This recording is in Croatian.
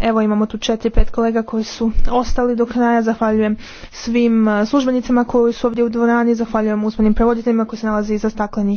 Evo imamo tu četiri, pet kolega koji su ostali do kraja. Zahvaljujem svim službenicama koji su ovdje u dvorani. Zahvaljujem uzmanim prevoditeljima koji se nalazi iza staklenih